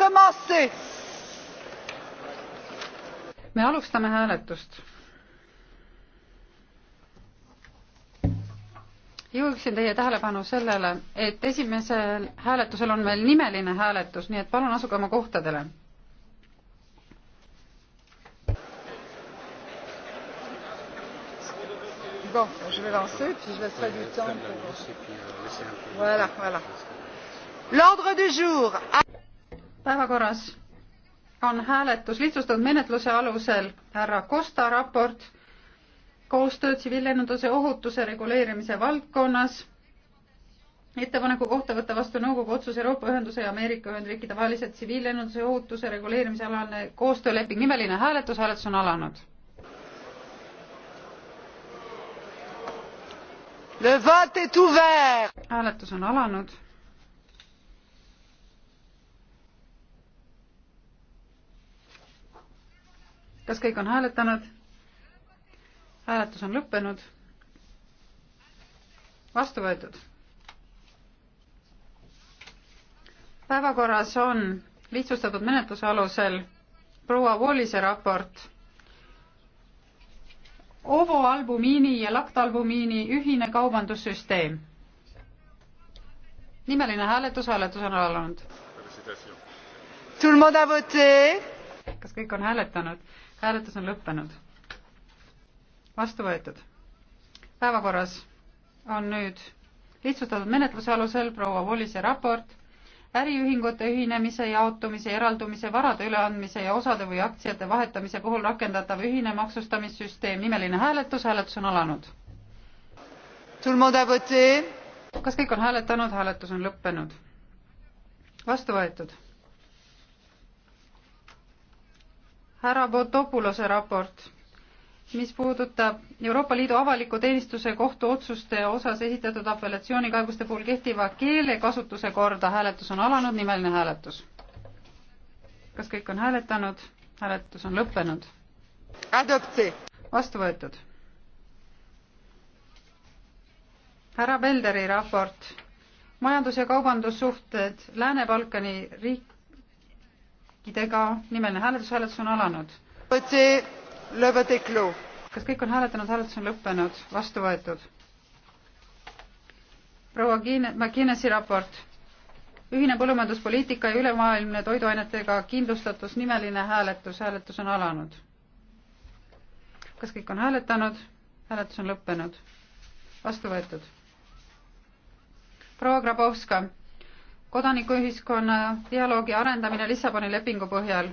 commencer. me alustame hääletust. juhiksin teie tähelepanu sellele, et esimesel hääletusel on meil nimeline hääletus, nii et palun asuge oma kohtadele. Bon, je vais lancer, puis je laisserai du temps pour... Voilà, voilà l'ordre du jour a päevakorras on hääletus lihtsustatud menetluse alusel härra Costa raport koostöö tsiviillennunduse ohutuse reguleerimise valdkonnas ettepaneku kohta võtta vastu nõukogu otsus Euroopa Ühenduse ja Ameerika Ühendriikide vahelise tsiviillennunduse ohutuse reguleerimise alane koostööleping. nimeline hääletus, hääletus on alanud. hääletus on alanud kas kõik on hääletanud? hääletus on lõppenud. vastu võetud. päevakorras on lihtsustatud menetluse alusel proua Wallise raport ovoalbumiini ja laktalbumiini ühine kaubandussüsteem. nimeline hääletus, hääletus on alanud. kas kõik on hääletanud? hääletus on lõppenud. vastu võetud. päevakorras on nüüd lihtsustatud menetluse alusel proua Volise raport äriühingute ühinemise, jaotumise, eraldumise, varade üleandmise ja osade või aktsiate vahetamise puhul rakendatav ühine maksustamissüsteem. nimeline hääletus, hääletus on alanud. kas kõik on hääletanud, hääletus on lõppenud? vastu võetud härra Potopulose raport, mis puudutab Euroopa Liidu avaliku teenistuse kohtuotsuste osas esitatud apellatsioonikaebuste puhul kehtiva keelekasutuse korda. hääletus on alanud, nimeline hääletus. kas kõik on hääletanud? hääletus on lõppenud. vastu võetud. härra Belderi raport majandus- ja kaubandussuhted Lääne-Balkani riik, kolleegidega, nimeline hääletus, hääletus on alanud. kas kõik on hääletanud, hääletus on lõppenud, vastu võetud? proua Kiine, McKinnesi raport, ühine põllumajanduspoliitika ja ülemaailmne toiduainetega kindlustatus, nimeline hääletus, hääletus on alanud. kas kõik on hääletanud, hääletus on lõppenud, vastu võetud? proua Grabovska kodanikuühiskonna dialoogi arendamine Lissaboni lepingu põhjal.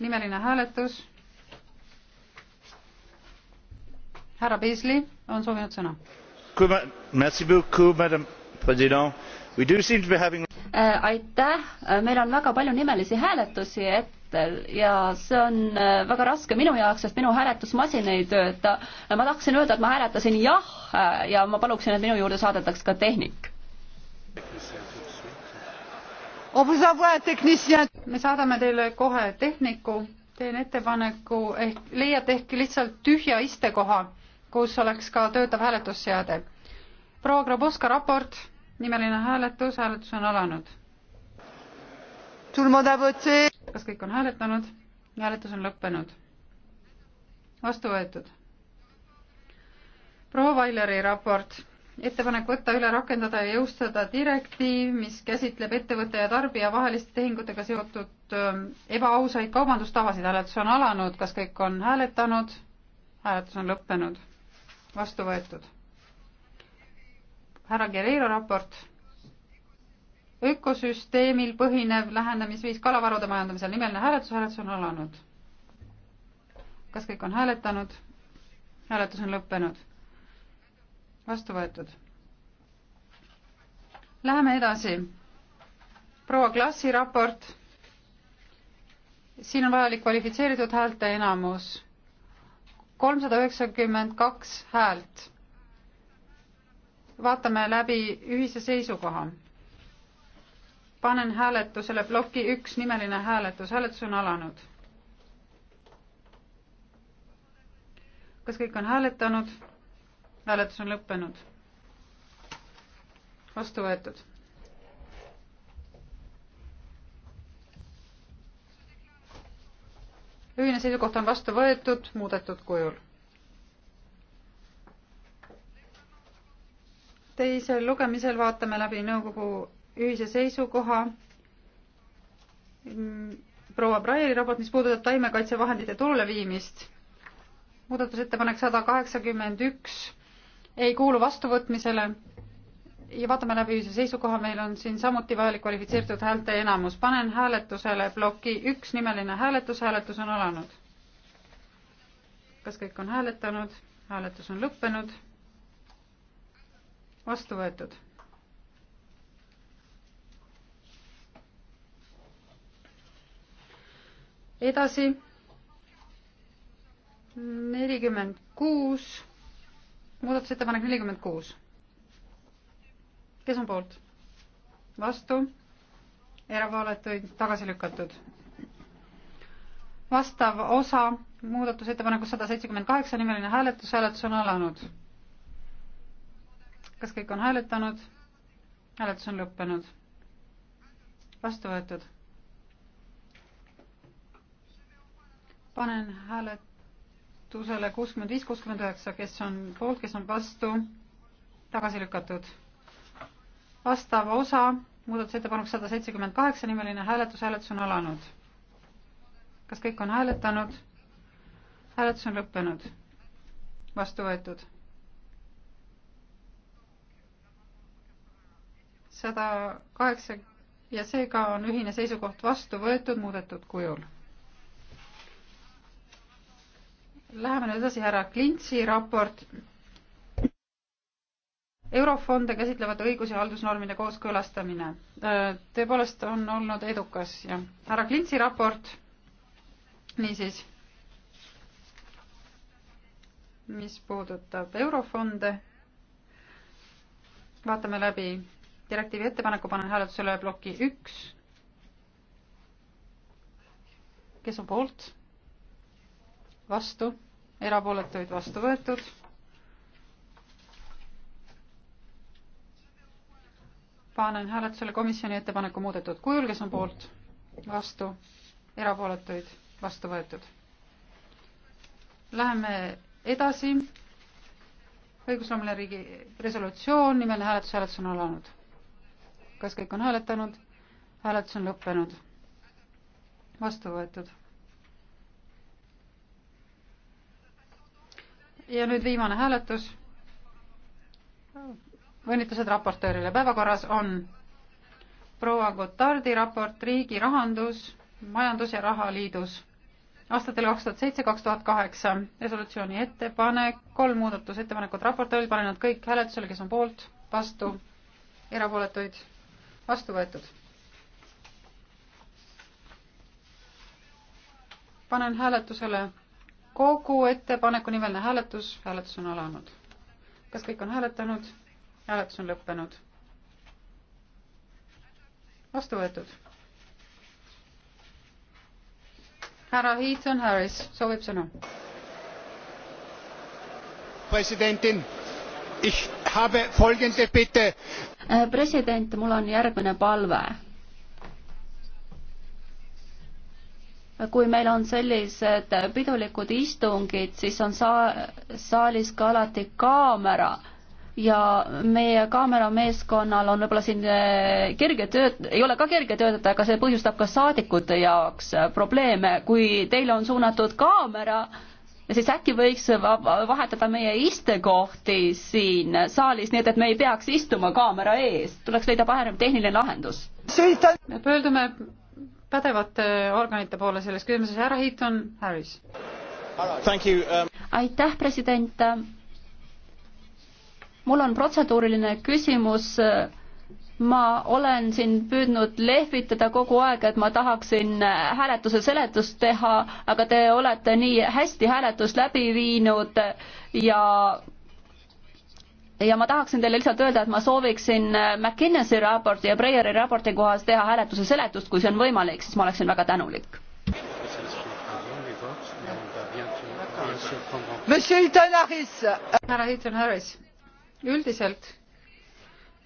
nimeline hääletus. härra Beasley on soovinud sõna. Äh, aitäh, meil on väga palju nimelisi hääletusi hetkel ja see on äh, väga raske minu jaoks, sest minu hääletusmasin ei tööta. ma tahaksin öelda, et ma hääletasin jah äh, ja ma paluksin, et minu juurde saadetaks ka tehnik me saadame teile kohe tehniku, teen ettepaneku ehk leiate ehk lihtsalt tühja istekoha, kus oleks ka töötav hääletusseade. proua Graboska raport, nimeline hääletus, hääletus on alanud. kas kõik on hääletanud? hääletus on lõppenud. vastu võetud. proua Vaileri raport ettepanek võtta üle, rakendada ja jõustada direktiiv, mis käsitleb ettevõtte ja tarbija vaheliste tehingutega seotud ähm, ebaausaid kaubandustavasid. hääletus on alanud, kas kõik on hääletanud? hääletus on lõppenud. vastu võetud. härra Guerreiro raport. ökosüsteemil põhinev lähenemisviis kalavarude majandamisel. nimeline hääletus, hääletus on alanud. kas kõik on hääletanud? hääletus on lõppenud vastu võetud. Läheme edasi. proua Klassi raport. siin on vajalik kvalifitseeritud häälte enamus. kolmsada üheksakümmend kaks häält. vaatame läbi ühise seisukoha. panen hääletusele ploki üks nimeline hääletus, hääletus on alanud. kas kõik on hääletanud? hääletus on lõppenud. vastu võetud. ühine seisukoht on vastu võetud muudetud kujul. teisel lugemisel vaatame läbi nõukogu ühise seisukoha proua Braieri raport, mis puudutab taimekaitsevahendite turuleviimist. muudatusettepanek sada kaheksakümmend üks ei kuulu vastuvõtmisele ja vaatame läbi ühise seisukoha, meil on siin samuti vajalik kvalifitseeritud häälte enamus. panen hääletusele ploki üks nimeline hääletus, hääletus on alanud. kas kõik on hääletanud? hääletus on lõppenud. vastu võetud. edasi nelikümmend kuus muudatusettepanek nelikümmend kuus. kes on poolt? vastu? erapooletuid tagasi lükatud. vastav osa muudatusettepanekus sada seitsekümmend kaheksa nimeline hääletus, hääletus on alanud. kas kõik on hääletanud? hääletus on lõppenud. vastu võetud. panen hääletusele muudatusele kuuskümmend viis, kuuskümmend üheksa, kes on poolt, kes on vastu, tagasi lükatud. vastav osa, muudatusettepanek sada seitsekümmend kaheksa, nimeline hääletus, hääletus on alanud. kas kõik on hääletanud? hääletus on lõppenud. vastu võetud. sada kaheksa ja seega on ühine seisukoht vastu võetud muudetud kujul Läheme nüüd edasi härra Klintsi raport. Eurofonde käsitlevate õigus- ja haldusnormide kooskõlastamine. Äh, tõepoolest on olnud edukas ja härra Klintsi raport, niisiis, mis puudutab eurofonde, vaatame läbi direktiivi ettepaneku, panen hääletusele ploki üks. kes on poolt? vastu, erapooletuid vastu võetud. panen hääletusele komisjoni ettepaneku muudetud kujul, kes on poolt, vastu, erapooletuid vastu võetud. Läheme edasi. õigusloomeline riigi resolutsioon, nimeline hääletus, hääletus on alanud. kas kõik on hääletanud? hääletus on lõppenud. vastu võetud ja nüüd viimane hääletus. õnnitlused raportöörile. päevakorras on proua Gotardi raport Riigi rahandus majandus- ja rahaliidus aastatel kaks tuhat seitse, kaks tuhat kaheksa. resolutsiooni ettepanek, kolm muudatusettepanekut raportööril, panen nad kõik hääletusele, kes on poolt, vastu, erapooletuid, vastu võetud. panen hääletusele kogu ettepaneku nimeline hääletus, hääletus on alanud. kas kõik on hääletanud? hääletus on lõppenud. vastu võetud. härra Heaton Harris soovib sõna. presidentin, ich habe folgende bitte. president, mul on järgmine palve kui meil on sellised pidulikud istungid, siis on saa-, saalis ka alati kaamera ja meie kaamerameeskonnal on võib-olla siin eh, kerge tööd, ei ole ka kerge töötada, aga see põhjustab ka saadikute jaoks probleeme, kui teile on suunatud kaamera, siis äkki võiks vahetada meie istekohti siin saalis, nii et, et me ei peaks istuma kaamera ees, tuleks leida parem tehniline lahendus. me pöördume pädevate organite poole selles küsimuses, härra Heaton Harris. Um, aitäh, president. mul on protseduuriline küsimus ma olen siin püüdnud lehvitada kogu aeg, et ma tahaksin hääletuse seletust teha, aga te olete nii hästi hääletust läbi viinud ja ja ma tahaksin teile lihtsalt öelda, et ma sooviksin äh, McKinnesi raporti ja Breieri raporti kohas teha hääletuse seletust, kui see on võimalik, siis ma oleksin väga tänulik. härra Hilton Harris, üldiselt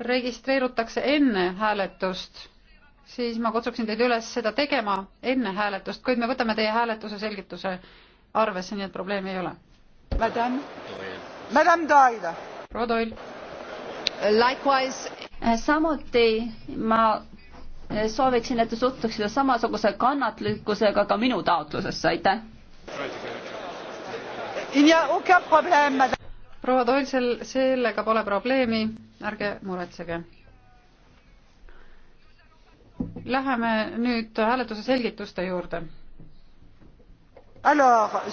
registreerutakse enne hääletust, siis ma kutsuksin teid üles seda tegema enne hääletust, kuid me võtame teie hääletuse selgituse arvesse, nii et probleemi ei ole. Madame, Madame Doyle proua Toil. samuti ma sooviksin, et te suhtuksite samasuguse kannatlikkusega ka minu taotlusesse, aitäh. proua Toil, sel, sellega pole probleemi, ärge muretsege. Läheme nüüd hääletuse selgituste juurde.